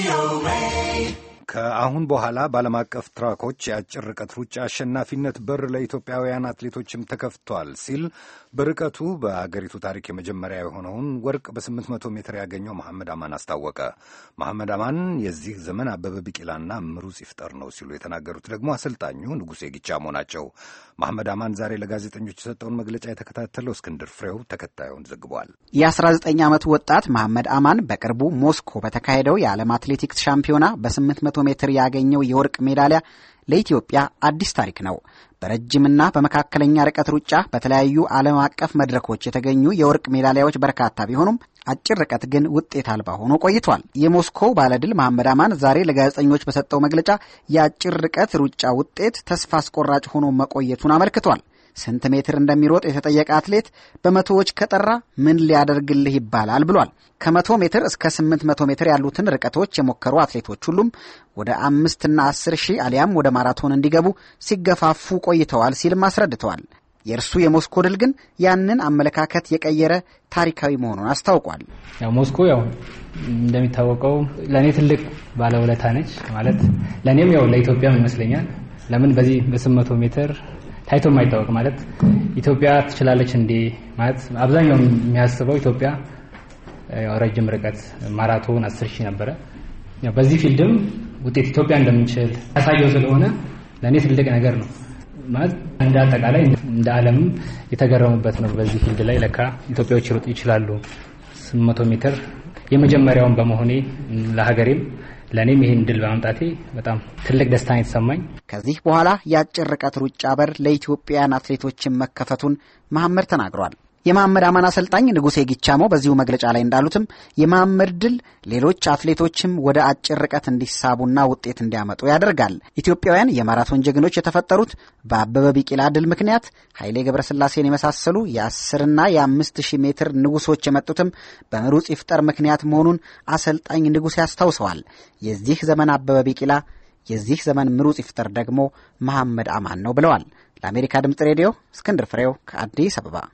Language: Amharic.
VOA. ከአሁን በኋላ በዓለም አቀፍ ትራኮች የአጭር ርቀት ሩጫ አሸናፊነት በር ለኢትዮጵያውያን አትሌቶችም ተከፍቷል ሲል በርቀቱ በአገሪቱ ታሪክ የመጀመሪያ የሆነውን ወርቅ በ800 ሜትር ያገኘው መሐመድ አማን አስታወቀ። መሐመድ አማን የዚህ ዘመን አበበ ቢቂላና ምሩጽ ይፍጠር ነው ሲሉ የተናገሩት ደግሞ አሰልጣኙ ንጉሴ ጊቻሞ ናቸው። መሐመድ አማን ዛሬ ለጋዜጠኞች የሰጠውን መግለጫ የተከታተለው እስክንድር ፍሬው ተከታዩን ዘግቧል። የ19 ዓመቱ ወጣት መሐመድ አማን በቅርቡ ሞስኮ በተካሄደው የዓለም አትሌቲክስ ሻምፒዮና በ800 ሜትር ያገኘው የወርቅ ሜዳሊያ ለኢትዮጵያ አዲስ ታሪክ ነው። በረጅምና በመካከለኛ ርቀት ሩጫ በተለያዩ ዓለም አቀፍ መድረኮች የተገኙ የወርቅ ሜዳሊያዎች በርካታ ቢሆኑም አጭር ርቀት ግን ውጤት አልባ ሆኖ ቆይቷል። የሞስኮው ባለድል መሐመድ አማን ዛሬ ለጋዜጠኞች በሰጠው መግለጫ የአጭር ርቀት ሩጫ ውጤት ተስፋ አስቆራጭ ሆኖ መቆየቱን አመልክቷል። ስንት ሜትር እንደሚሮጥ የተጠየቀ አትሌት በመቶዎች ከጠራ ምን ሊያደርግልህ ይባላል ብሏል። ከመቶ ሜትር እስከ ስምንት መቶ ሜትር ያሉትን ርቀቶች የሞከሩ አትሌቶች ሁሉም ወደ አምስትና አስር ሺህ አሊያም ወደ ማራቶን እንዲገቡ ሲገፋፉ ቆይተዋል ሲልም አስረድተዋል። የእርሱ የሞስኮ ድል ግን ያንን አመለካከት የቀየረ ታሪካዊ መሆኑን አስታውቋል። ያው ሞስኮ ያው እንደሚታወቀው ለእኔ ትልቅ ባለውለታ ነች ማለት ለእኔም ያው ለኢትዮጵያም ይመስለኛል። ለምን በዚህ በስምንት መቶ ሜትር ታይቶ የማይታወቅ ማለት ኢትዮጵያ ትችላለች እንዴ ማለት አብዛኛው የሚያስበው ኢትዮጵያ ረጅም ርቀት ማራቶን አስር ሺህ ነበረ። በዚህ ፊልድም ውጤት ኢትዮጵያ እንደምንችል ያሳየው ስለሆነ ለእኔ ትልቅ ነገር ነው ማለት እንደ አጠቃላይ እንደ ዓለም የተገረሙበት ነው። በዚህ ፊልድ ላይ ለካ ኢትዮጵያዎች ይችላሉ። ስምንት መቶ ሜትር የመጀመሪያውን በመሆኔ ለሀገሬም ለእኔም ይህን ድል በማምጣቴ በጣም ትልቅ ደስታ የተሰማኝ። ከዚህ በኋላ የአጭር ርቀት ሩጫ በር ለኢትዮጵያን አትሌቶችን መከፈቱን መሐመድ ተናግሯል። የማምር አማን አሰልጣኝ ንጉሴ ጊቻሞ በዚሁ መግለጫ ላይ እንዳሉትም የማምር ድል ሌሎች አትሌቶችም ወደ አጭር ርቀት እንዲሳቡና ውጤት እንዲያመጡ ያደርጋል። ኢትዮጵያውያን የማራቶን ጀግኖች የተፈጠሩት በአበበ ቢቂላ ድል ምክንያት፣ ኃይሌ ገብረስላሴን የመሳሰሉ የአስርና የአምስት ሺህ ሜትር ንጉሶች የመጡትም በምሩጽ ይፍጠር ምክንያት መሆኑን አሰልጣኝ ንጉሴ አስታውሰዋል። የዚህ ዘመን አበበ ቢቂላ የዚህ ዘመን ምሩጽ ይፍጠር ደግሞ መሐመድ አማን ነው ብለዋል። ለአሜሪካ ድምፅ ሬዲዮ እስክንድር ፍሬው ከአዲስ አበባ